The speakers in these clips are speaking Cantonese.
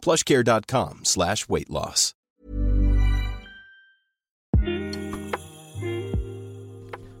Plushcare.com/slash/weightloss。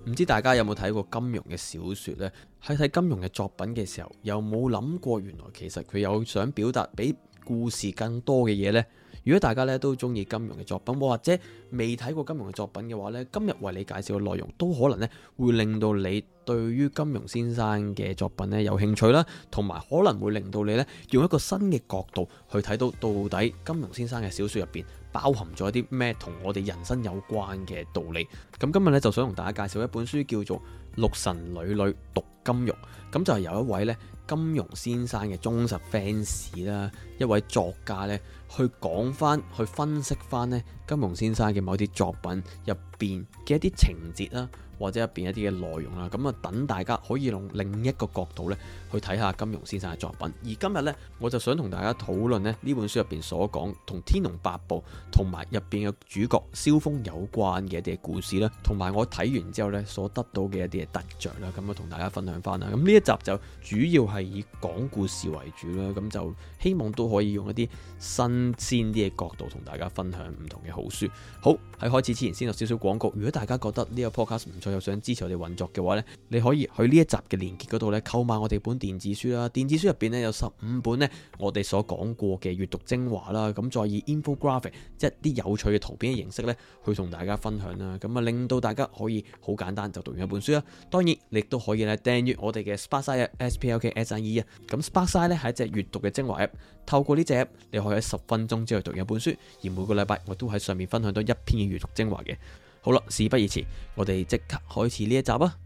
唔知大家有冇睇過金庸嘅小説呢？喺睇金庸嘅作品嘅時候，有冇諗過原來其實佢有想表達比故事更多嘅嘢呢？如果大家咧都中意金庸嘅作品，或者未睇過金庸嘅作品嘅話呢，今日為你介紹嘅內容都可能咧會令到你對於金庸先生嘅作品呢有興趣啦，同埋可能會令到你呢用一個新嘅角度去睇到到底金庸先生嘅小說入邊包含咗一啲咩同我哋人生有關嘅道理。咁今日呢，就想同大家介紹一本書，叫做《六神女女讀金庸》。咁就係有一位呢金庸先生嘅忠實 fans 啦，一位作家呢。去講翻，去分析翻咧金庸先生嘅某啲作品入邊嘅一啲情節啦。或者入邊一啲嘅內容啦，咁啊等大家可以用另一個角度咧去睇下金庸先生嘅作品。而今日呢，我就想同大家討論咧呢本書入邊所講同《天龍八部》同埋入邊嘅主角蕭峰有關嘅一啲故事啦，同埋我睇完之後呢，所得到嘅一啲嘅得着啦，咁啊同大家分享翻啦。咁呢一集就主要係以講故事為主啦，咁就希望都可以用一啲新鮮啲嘅角度同大家分享唔同嘅好書。好，喺開始之前先有少少廣告。如果大家覺得呢個 podcast 唔錯，又想支持我哋運作嘅話呢，你可以去呢一集嘅連結嗰度咧購買我哋本電子書啦。電子書入邊呢，有十五本呢我哋所講過嘅閱讀精華啦。咁再以 infographic 即係啲有趣嘅圖片嘅形式呢，去同大家分享啦。咁啊令到大家可以好簡單就讀完一本書啦。當然你都可以呢訂閱我哋嘅 Sparkside S P L K S N E 啊。咁 Sparkside 咧係一隻閱讀嘅精華 app。透過呢隻 app，你可以喺十分鐘之內讀完一本書。而每個禮拜我都喺上面分享到一篇嘅閱讀精華嘅。好啦，事不宜遲，我哋即刻開始呢一集啊！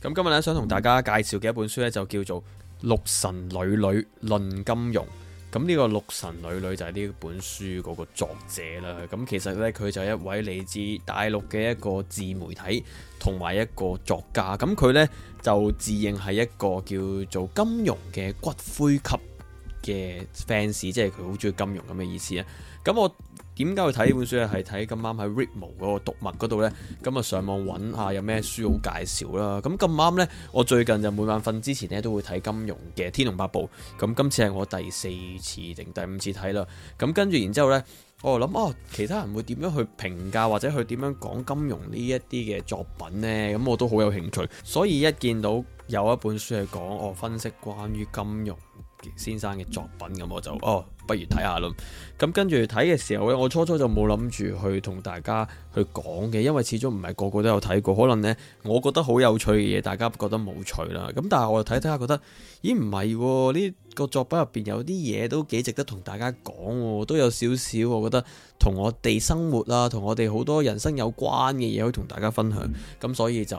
咁今日咧，想同大家介紹嘅一本書咧，就叫做《六神女女論金融》。咁呢個六神女女就係呢本書嗰個作者啦。咁其實呢，佢就係一位嚟自大陸嘅一個自媒體同埋一個作家。咁佢呢，就自認係一個叫做金融嘅骨灰級嘅 fans，即係佢好中意金融咁嘅意思啊！咁我。點解會睇呢本書咧？係睇咁啱喺 Readmoo 嗰個讀物嗰度呢。咁啊上網揾下有咩書好介紹啦。咁咁啱呢，我最近就每晚瞓之前咧都會睇金庸嘅《天龍八部》。咁今次係我第四次定第五次睇啦。咁跟住然之後呢，我諗啊、哦，其他人會點樣去評價或者去點樣講金庸呢一啲嘅作品呢？咁我都好有興趣。所以一見到有一本書係講我分析關於金庸。先生嘅作品咁，我就哦，不如睇下咯。咁跟住睇嘅時候咧，我初初就冇諗住去同大家去講嘅，因為始終唔係個個都有睇過。可能呢，我覺得好有趣嘅嘢，大家覺得冇趣啦。咁但係我又睇睇下，覺得咦唔係喎。呢個作品入邊有啲嘢都幾值得同大家講，都有少少，我覺得同我哋生活啊，同我哋好多人生有關嘅嘢可以同大家分享。咁所以就。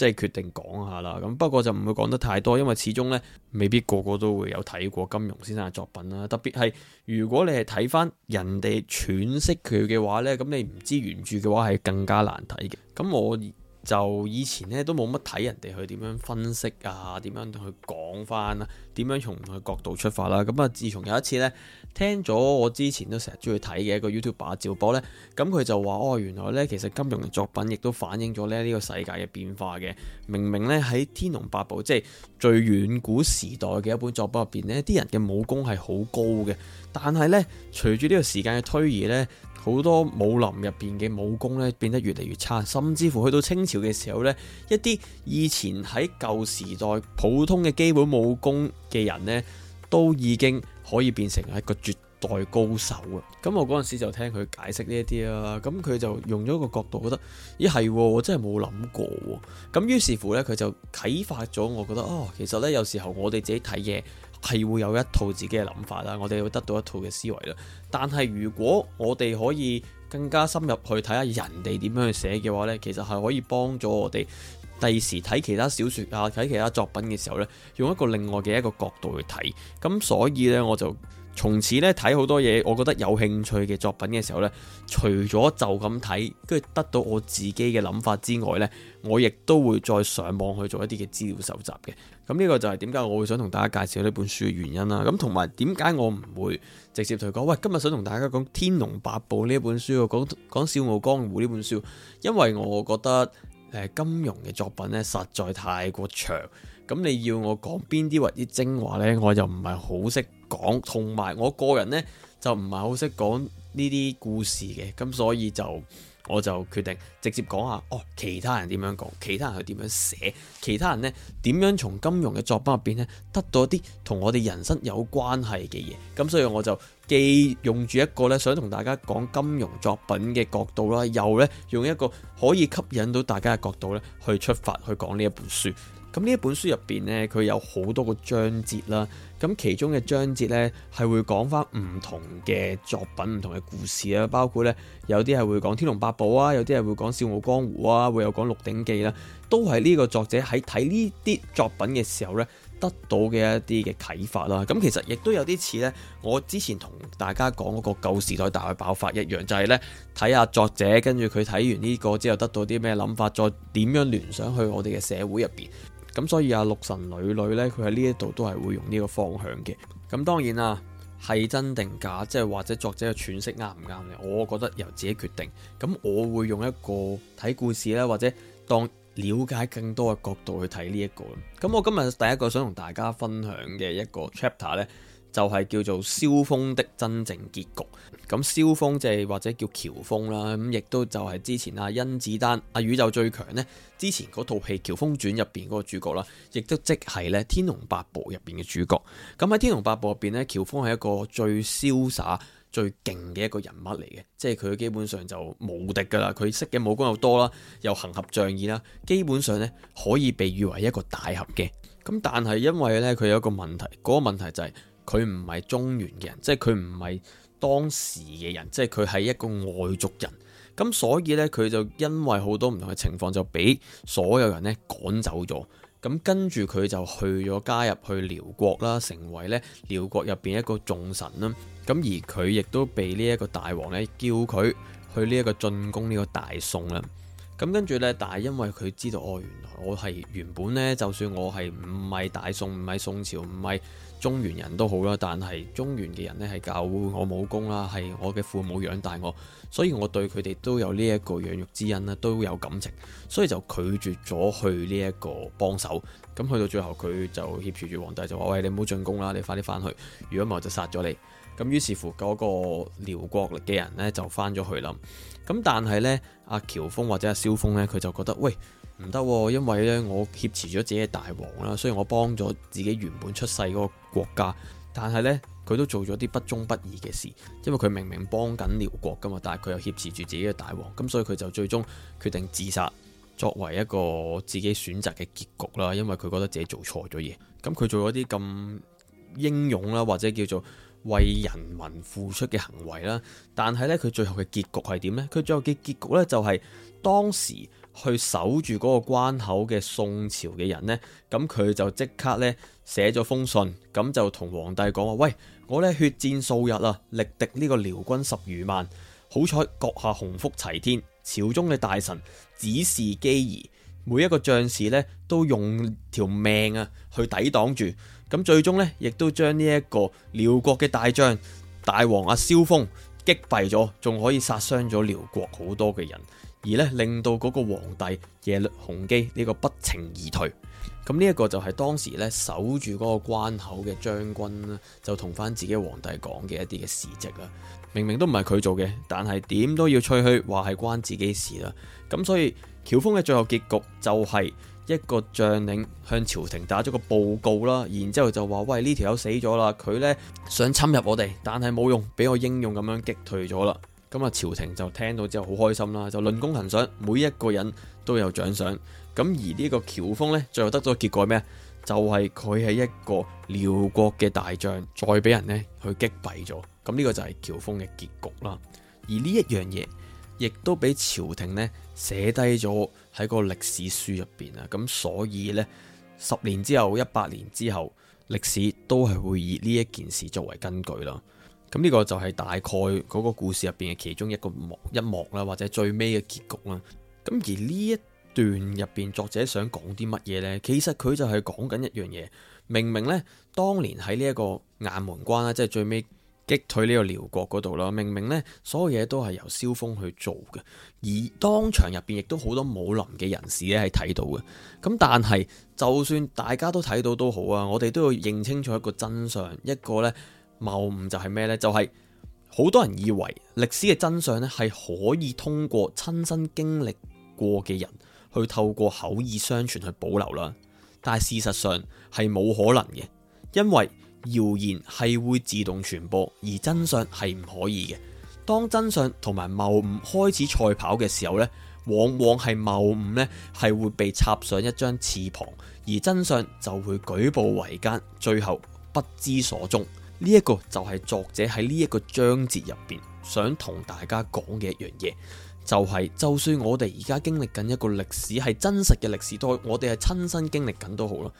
即係決定講下啦，咁不過就唔會講得太多，因為始終呢，未必個個都會有睇過金庸先生嘅作品啦。特別係如果你係睇翻人哋詮釋佢嘅話呢，咁你唔知原著嘅話係更加難睇嘅。咁我。就以前咧都冇乜睇人哋去點樣分析啊，點樣去講返啊，點樣從佢角度出發啦。咁啊，自從有一次呢，聽咗我之前都成日鍾意睇嘅一個 YouTuber 趙波咧，咁、嗯、佢就話：哦，原來呢，其實金庸嘅作品亦都反映咗咧呢個世界嘅變化嘅。明明呢，喺《天龍八部》即係最遠古時代嘅一本作品入邊呢，啲人嘅武功係好高嘅，但係呢，隨住呢個時間嘅推移呢。好多武林入邊嘅武功咧變得越嚟越差，甚至乎去到清朝嘅時候呢，一啲以前喺舊時代普通嘅基本武功嘅人呢，都已經可以變成一個絕代高手啊！咁我嗰陣時就聽佢解釋呢一啲啦，咁佢就用咗個角度覺得咦係喎，我真係冇諗過喎！咁於是乎呢，佢就啟發咗我，覺得哦，其實呢，有時候我哋自己睇嘢。係會有一套自己嘅諗法啦，我哋會得到一套嘅思維啦。但係如果我哋可以更加深入去睇下人哋點樣去寫嘅話呢，其實係可以幫助我哋第時睇其他小説啊，睇其他作品嘅時候呢，用一個另外嘅一個角度去睇。咁所以呢，我就。從此咧睇好多嘢，我覺得有興趣嘅作品嘅時候呢，除咗就咁睇，跟住得到我自己嘅諗法之外呢，我亦都會再上網去做一啲嘅資料搜集嘅。咁呢個就係點解我會想同大家介紹呢本書嘅原因啦。咁同埋點解我唔會直接同佢講，喂，今日想同大家講《天龍八部》呢本書，講講《笑傲江湖》呢本書，因為我覺得誒金庸嘅作品呢，實在太過長，咁你要我講邊啲或者精華呢？我又唔係好識。講同埋，我個人呢，就唔係好識講呢啲故事嘅，咁所以就我就決定直接講下，哦，其他人點樣講，其他人佢點樣寫，其他人呢，點樣從金融嘅作品入邊呢，得到啲同我哋人生有關係嘅嘢，咁所以我就既用住一個呢想同大家講金融作品嘅角度啦，又呢用一個可以吸引到大家嘅角度呢，去出發去講呢一本書。咁呢一本書入邊呢，佢有好多個章節啦。咁其中嘅章節呢，係會講返唔同嘅作品、唔同嘅故事啦。包括呢有啲係會講《天龍八部》啊，有啲係會講《笑傲江湖》啊，會有講《鹿鼎記》啦，都係呢個作者喺睇呢啲作品嘅時候呢，得到嘅一啲嘅啟發啦。咁其實亦都有啲似呢，我之前同大家講嗰個舊時代大嘅爆發一樣，就係呢睇下作者，跟住佢睇完呢個之後得到啲咩諗法，再點樣聯想去我哋嘅社會入邊。咁所以啊，六神女女呢，佢喺呢一度都係會用呢個方向嘅。咁當然啊，係真定假，即係或者作者嘅詮釋啱唔啱嘅，我覺得由自己決定。咁我會用一個睇故事呢，或者當了解更多嘅角度去睇呢一個。咁我今日第一個想同大家分享嘅一個 chapter 呢。就係叫做蕭峰的真正結局。咁蕭峰即係或者叫喬峰啦，咁亦都就係之前阿甄子丹阿宇宙最強呢之前嗰套戲《喬峯傳》入邊嗰個主角啦，亦都即係咧《天龍八部》入邊嘅主角。咁喺《天龍八部》入邊呢，喬峯係一個最瀟灑、最勁嘅一個人物嚟嘅，即係佢基本上就無敵噶啦。佢識嘅武功又多啦，又行俠仗義啦，基本上呢可以被譽為一個大俠嘅。咁但係因為呢，佢有一個問題，嗰、那個問題就係、是。佢唔係中原嘅人，即係佢唔係當時嘅人，即係佢係一個外族人。咁所以呢，佢就因為好多唔同嘅情況，就俾所有人咧趕走咗。咁跟住佢就去咗加入去遼國啦，成為咧遼國入邊一個重臣啦。咁而佢亦都被呢一個大王咧叫佢去呢一個進攻呢個大宋啦。咁跟住呢，但係因為佢知道哦，原來我係原本呢，就算我係唔係大宋，唔係宋朝，唔係。中原人都好啦，但係中原嘅人呢係教我武功啦，係我嘅父母養大我，所以我對佢哋都有呢一個養育之恩啦，都有感情，所以就拒絕咗去呢一個幫手。咁去到最後，佢就挾持住皇帝就話：喂，你唔好進攻啦，你快啲翻去。如果唔係我就殺咗你。咁於是乎嗰個遼國嘅人呢就翻咗去啦。咁但係呢，阿喬峰或者阿蕭峰呢，佢就覺得喂。唔得，因為咧我挾持咗自己嘅大王啦，雖然我幫咗自己原本出世嗰個國家，但係呢，佢都做咗啲不忠不義嘅事，因為佢明明幫緊遼國噶嘛，但係佢又挾持住自己嘅大王，咁所以佢就最終決定自殺，作為一個自己選擇嘅結局啦，因為佢覺得自己做錯咗嘢。咁佢做咗啲咁英勇啦，或者叫做為人民付出嘅行為啦，但係呢，佢最後嘅結局係點呢？佢最後嘅結局呢、就是，就係當時。去守住嗰個關口嘅宋朝嘅人呢？咁佢就即刻呢寫咗封信，咁就同皇帝講話，喂，我呢血戰數日啊，力敵呢個遼軍十餘萬，好彩閣下鴻福齊天，朝中嘅大臣指示機宜，每一個將士呢都用條命啊去抵擋住，咁最終呢亦都將呢一個遼國嘅大將大王阿蕭峰擊斃咗，仲可以殺傷咗遼國好多嘅人。而咧令到嗰個皇帝耶律洪基呢個不情而退，咁呢一個就係當時咧守住嗰個關口嘅將軍啦，就同翻自己皇帝講嘅一啲嘅事跡啦。明明都唔係佢做嘅，但係點都要吹噓話係關自己事啦。咁所以喬峯嘅最後結局就係一個將領向朝廷打咗個報告啦，然之後就話喂、這個、呢條友死咗啦，佢呢想侵入我哋，但係冇用，俾我英勇咁樣擊退咗啦。咁啊，朝廷就聽到之後好開心啦，就論功行賞，每一個人都有獎賞。咁而呢個喬峯呢，最後得咗結果咩？就係佢係一個遼國嘅大將，再俾人呢去擊斃咗。咁呢個就係喬峯嘅結局啦。而呢一樣嘢，亦都俾朝廷呢寫低咗喺個歷史書入邊啊。咁所以呢，十年之後、一百年之後，歷史都係會以呢一件事作為根據啦。咁呢個就係大概嗰個故事入邊嘅其中一個幕一幕啦，或者最尾嘅結局啦。咁而呢一段入邊，作者想講啲乜嘢呢？其實佢就係講緊一樣嘢。明明呢，當年喺呢一個雁門關啦，即係最尾擊退呢個遼國嗰度啦。明明呢，所有嘢都係由蕭峰去做嘅，而當場入邊亦都好多武林嘅人士咧係睇到嘅。咁但係，就算大家都睇到都好啊，我哋都要認清楚一個真相，一個呢。謬誤就係咩呢？就係好多人以為歷史嘅真相咧，係可以通過親身經歷過嘅人去透過口耳相傳去保留啦。但係事實上係冇可能嘅，因為謠言係會自動傳播，而真相係唔可以嘅。當真相同埋謬誤開始賽跑嘅時候呢，往往係謬誤咧係會被插上一張翅膀，而真相就會舉步維艱，最後不知所蹤。呢一個就係作者喺呢一個章節入邊想同大家講嘅一樣嘢，就係就算我哋而家經歷緊一個歷史係真實嘅歷史，都我哋係親身經歷緊都好咯。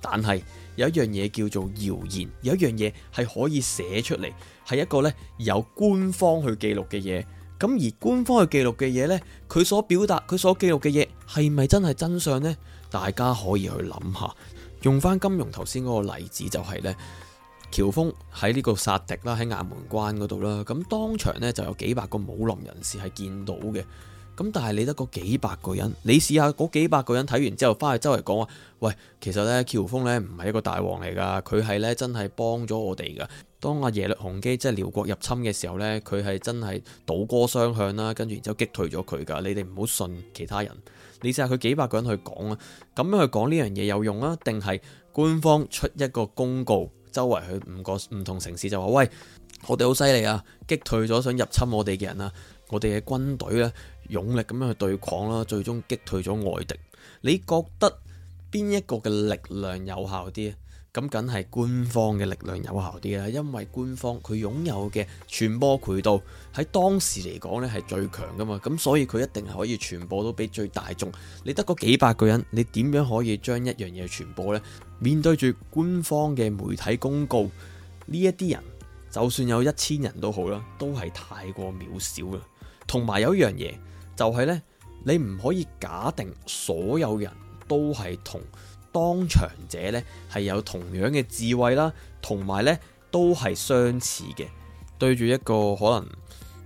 但係有一樣嘢叫做謠言，有一樣嘢係可以寫出嚟，係一個呢有官方去記錄嘅嘢。咁而官方去記錄嘅嘢呢，佢所表達、佢所記錄嘅嘢係咪真係真相呢？大家可以去諗下，用翻金融頭先嗰個例子就係呢。喬峰喺呢個殺敵啦，喺雁門關嗰度啦，咁當場呢，就有幾百個武林人士係見到嘅。咁但係你得嗰幾百個人，你試下嗰幾百個人睇完之後翻去周圍講啊，喂，其實呢，喬峰呢唔係一個大王嚟噶，佢係呢真係幫咗我哋噶。當阿耶律洪基即係遼國入侵嘅時候呢，佢係真係倒戈相向啦，跟住然之後擊退咗佢噶。你哋唔好信其他人，你試下佢幾百個人去講啊，咁樣去講呢樣嘢有用啊？定係官方出一個公告？周圍去五個唔同城市就話喂，我哋好犀利啊！擊退咗想入侵我哋嘅人啊！我哋嘅軍隊呢，勇力咁樣去對抗啦，最終擊退咗外敵。你覺得邊一個嘅力量有效啲？咁梗係官方嘅力量有效啲啦，因為官方佢擁有嘅傳播渠道喺當時嚟講呢係最強噶嘛，咁所以佢一定係可以傳播到俾最大眾。你得個幾百個人，你點樣可以將一樣嘢傳播呢？面對住官方嘅媒體公告，呢一啲人就算有一千人都好啦，都係太過渺小啦。同埋有一樣嘢，就係呢：你唔可以假定所有人都係同當場者呢係有同樣嘅智慧啦，同埋呢都係相似嘅。對住一個可能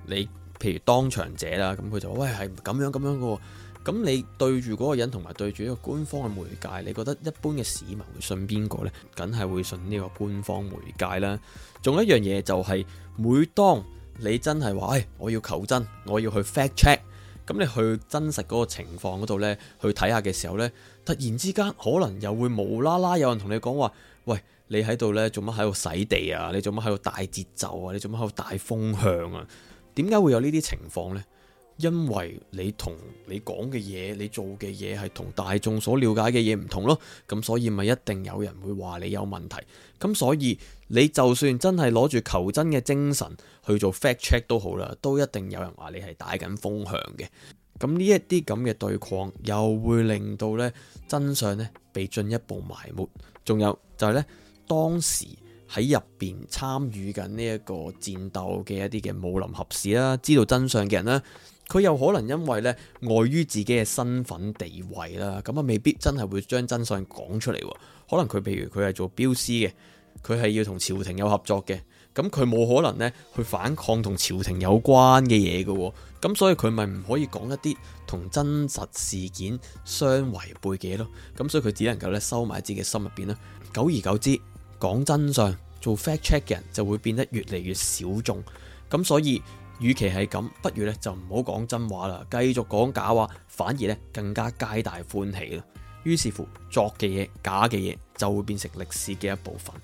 你譬如當場者啦，咁佢就喂係咁樣咁樣個。咁你對住嗰個人同埋對住一個官方嘅媒介，你覺得一般嘅市民會信邊個呢？梗係會信呢個官方媒介啦。仲有一樣嘢就係，每當你真係話，哎，我要求真，我要去 fact check，咁你去真實嗰個情況嗰度呢，去睇下嘅時候呢，突然之間可能又會無啦啦有人同你講話，喂，你喺度呢？做乜喺度洗地啊？你做乜喺度大節奏啊？你做乜喺度大風向啊？點解會有呢啲情況呢？因為你同你講嘅嘢，你做嘅嘢係同大眾所了解嘅嘢唔同咯，咁所以咪一定有人會話你有問題。咁所以你就算真係攞住求真嘅精神去做 fact check 都好啦，都一定有人話你係帶緊風向嘅。咁呢一啲咁嘅對抗又會令到呢真相呢被進一步埋沒。仲有就係、是、呢當時喺入邊參與緊呢一個戰鬥嘅一啲嘅武林俠士啦，知道真相嘅人呢。佢有可能因為咧礙於自己嘅身份地位啦，咁啊未必真係會將真相講出嚟。可能佢譬如佢係做鏢師嘅，佢係要同朝廷有合作嘅，咁佢冇可能咧去反抗同朝廷有關嘅嘢嘅。咁所以佢咪唔可以講一啲同真實事件相違背嘅嘢咯？咁所以佢只能夠咧收埋自己心入邊啦。久而久之，講真相、做 fact check 嘅人就會變得越嚟越小眾。咁所以，與其係咁，不如咧就唔好講真話啦，繼續講假話，反而咧更加皆大歡喜啦。於是乎，作嘅嘢、假嘅嘢就會變成歷史嘅一部分。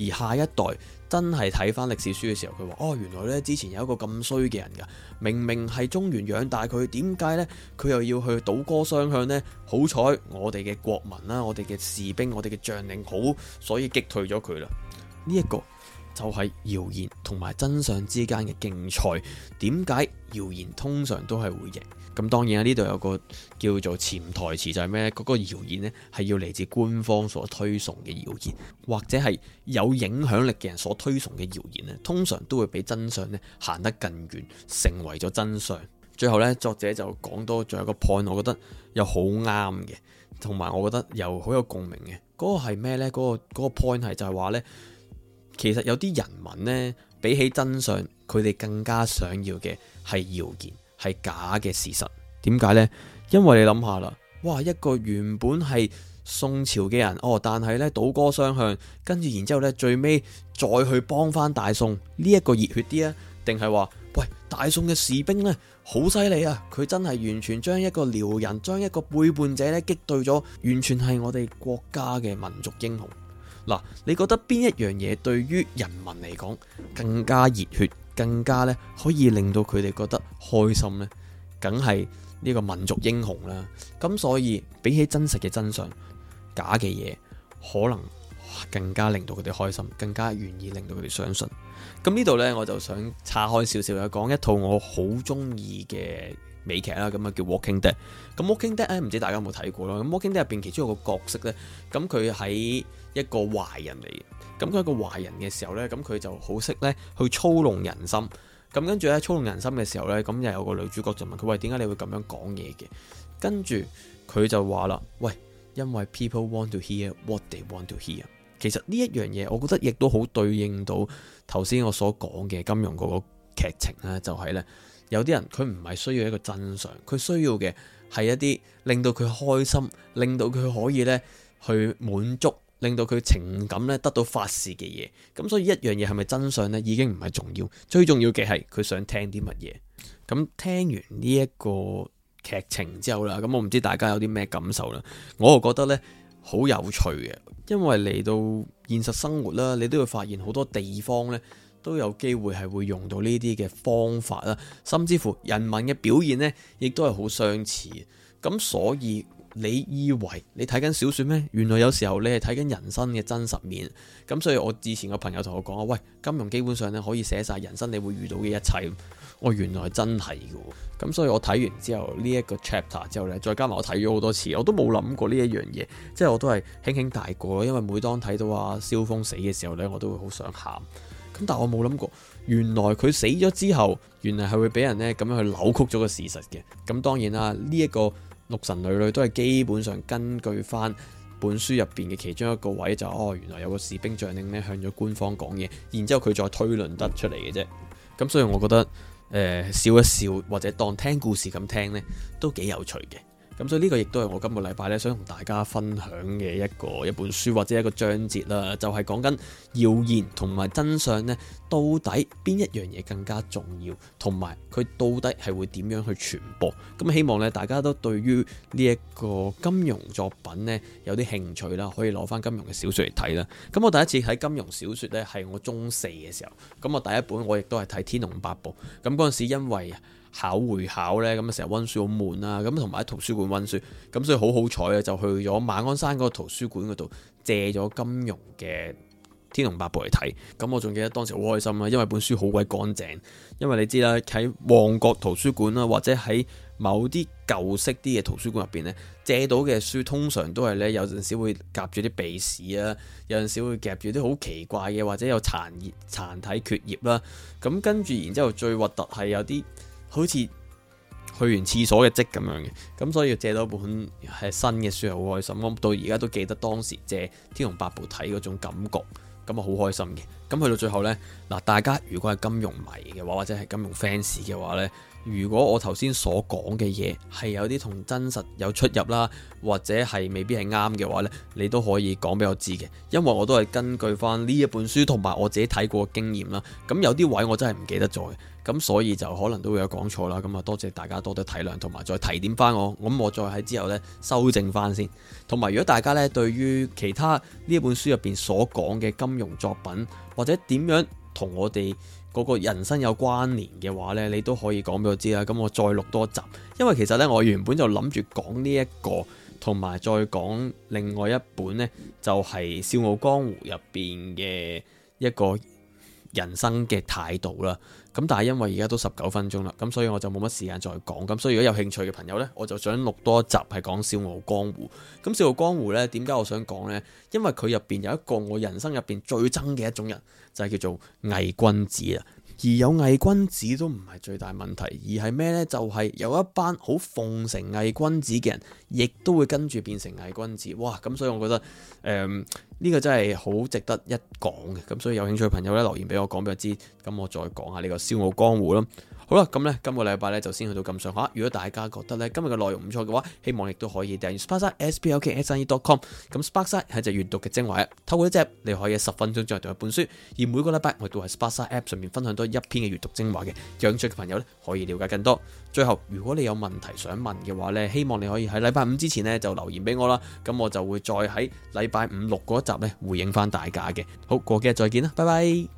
而下一代真係睇翻歷史書嘅時候，佢話：哦，原來咧之前有一個咁衰嘅人㗎，明明係中原養大，佢點解呢？佢又要去倒戈相向呢？好彩我哋嘅國民啦，我哋嘅士兵、我哋嘅將領好，所以擊退咗佢啦。呢一個。就係謠言同埋真相之間嘅競賽，點解謠言通常都係會贏？咁當然啊，呢度有個叫做潛台詞就係咩呢？嗰個謠言呢，係要嚟自官方所推崇嘅謠言，或者係有影響力嘅人所推崇嘅謠言呢，通常都會比真相呢行得更遠，成為咗真相。最後呢，作者就講多最後一個 point，我覺得又好啱嘅，同埋我覺得又好有共鳴嘅，嗰個係咩呢？嗰個嗰個 point 係就係話呢。其實有啲人民呢，比起真相，佢哋更加想要嘅係謠言，係假嘅事實。點解呢？因為你諗下啦，哇！一個原本係宋朝嘅人，哦，但係呢倒戈雙向，跟住然之後呢，最尾再去幫翻大宋，呢一個熱血啲啊？定係話，喂，大宋嘅士兵呢，好犀利啊！佢真係完全將一個遼人，將一個背叛者呢，擊退咗，完全係我哋國家嘅民族英雄。嗱，你覺得邊一樣嘢對於人民嚟講更加熱血，更加咧可以令到佢哋覺得開心呢？梗係呢個民族英雄啦。咁所以比起真實嘅真相，假嘅嘢可能更加令到佢哋開心，更加願意令到佢哋相信。咁呢度呢，我就想岔開少少又，講一套我好中意嘅美劇啦，咁啊叫《Walking Dead》。咁《Walking Dead》咧，唔知大家有冇睇過啦。咁《Walking Dead》入邊其中一個角色咧，咁佢喺一個壞人嚟嘅。咁佢係一個壞人嘅時候咧，咁佢就好識咧去操弄人心。咁跟住咧操弄人心嘅時候咧，咁又有個女主角就問佢：喂，點解你會咁樣講嘢嘅？跟住佢就話啦：喂，因為 people want to hear what they want to hear。其實呢一樣嘢，我覺得亦都好對應到頭先我所講嘅金融嗰個劇情啦，就係咧。有啲人佢唔係需要一個真相，佢需要嘅係一啲令到佢開心、令到佢可以呢去滿足、令到佢情感呢得到發泄嘅嘢。咁所以一樣嘢係咪真相呢？已經唔係重要，最重要嘅係佢想聽啲乜嘢。咁聽完呢一個劇情之後啦，咁我唔知大家有啲咩感受啦。我覺得呢好有趣嘅，因為嚟到現實生活啦，你都會發現好多地方呢。都有機會係會用到呢啲嘅方法啦，甚至乎人民嘅表現呢亦都係好相似。咁所以你以為你睇緊小説咩？原來有時候你係睇緊人生嘅真實面。咁所以我之前個朋友同我講啊，喂，金融基本上你可以寫晒人生，你會遇到嘅一切。我原來真係嘅。咁所以我睇完之後呢一個 chapter 之後呢，再加埋我睇咗好多次，我都冇諗過呢一樣嘢，即係我都係輕輕帶過。因為每當睇到阿蕭峰死嘅時候呢，我都會好想喊。咁但我冇諗過，原來佢死咗之後，原來係會俾人呢咁樣去扭曲咗個事實嘅。咁當然啦，呢、這、一個六神女女都係基本上根據翻本書入邊嘅其中一個位、就是，就哦原來有個士兵將領呢向咗官方講嘢，然之後佢再推論得出嚟嘅啫。咁所以我覺得誒、呃、笑一笑或者當聽故事咁聽呢，都幾有趣嘅。咁所以呢個亦都係我今個禮拜咧想同大家分享嘅一個一本書或者一個章節啦，就係講緊謠言同埋真相呢到底邊一樣嘢更加重要，同埋佢到底係會點樣去傳播？咁希望咧大家都對於呢一個金庸作品呢有啲興趣啦，可以攞翻金庸嘅小説嚟睇啦。咁我第一次睇金庸小説呢係我中四嘅時候，咁我第一本我亦都係睇《天龍八部》。咁嗰陣時因為考會考呢，咁啊成日温書好悶啊。咁同埋喺圖書館温書，咁所以好好彩啊，就去咗馬鞍山嗰個圖書館嗰度借咗《金融嘅天龍八部》嚟睇。咁我仲記得當時好開心啦，因為本書好鬼乾淨。因為你知啦，喺旺角圖書館啦，或者喺某啲舊式啲嘅圖書館入邊呢，借到嘅書通常都係呢，有陣時會夾住啲鼻屎啊，有陣時會夾住啲好奇怪嘅，或者有殘葉殘體缺頁啦。咁跟住，然之後最核突係有啲，好似去完廁所嘅跡咁樣嘅，咁所以借到本係新嘅書，好開心。我到而家都記得當時借《天龍八部》睇嗰種感覺，咁啊好開心嘅。咁去到最後呢，嗱，大家如果係金庸迷嘅話，或者係金庸 fans 嘅話呢，如果我頭先所講嘅嘢係有啲同真實有出入啦，或者係未必係啱嘅話呢，你都可以講俾我知嘅，因為我都係根據翻呢一本書同埋我自己睇過嘅經驗啦。咁有啲位我真係唔記得咗嘅。咁所以就可能都會有講錯啦，咁啊多謝大家多啲體諒，同埋再提點翻我，咁我再喺之後呢修正翻先。同埋如果大家呢對於其他呢一本書入邊所講嘅金融作品，或者點樣同我哋嗰個人生有關聯嘅話呢，你都可以講俾我知啦。咁我再錄多集，因為其實呢，我原本就諗住講呢一個，同埋再講另外一本呢，就係《笑傲江湖》入邊嘅一個。人生嘅態度啦，咁但係因為而家都十九分鐘啦，咁所以我就冇乜時間再講，咁所以如果有興趣嘅朋友呢，我就想錄多一集係講《笑傲江湖》。咁《笑傲江湖》呢，點解我想講呢？因為佢入邊有一個我人生入邊最憎嘅一種人，就係叫做偽君子啊！而有偽君子都唔係最大問題，而係咩呢？就係有一班好奉承偽君子嘅人，亦都會跟住變成偽君子。哇！咁所以我覺得，誒，呢個真係好值得一講嘅。咁所以有興趣嘅朋友咧，留言俾我，講俾我知。咁我再講下呢個《笑傲江湖》啦。好啦，咁呢，今個禮拜呢，就先去到咁上下。如果大家覺得呢今日嘅內容唔錯嘅話，希望亦都可以訂閱 Sparkside, s p a r s i e com, s p l k s e c o m 咁 Sparkside 係隻閱讀嘅精華啊，透過一隻你可以十分鐘就係讀一本書。而每個禮拜我都喺 Sparkside App 上面分享多一篇嘅閱讀精華嘅，有興趣嘅朋友呢，可以了解更多。最後，如果你有問題想問嘅話呢，希望你可以喺禮拜五之前呢，就留言俾我啦。咁我就會再喺禮拜五六嗰一集呢，回應翻大家嘅。好，過幾日再見啦，拜拜。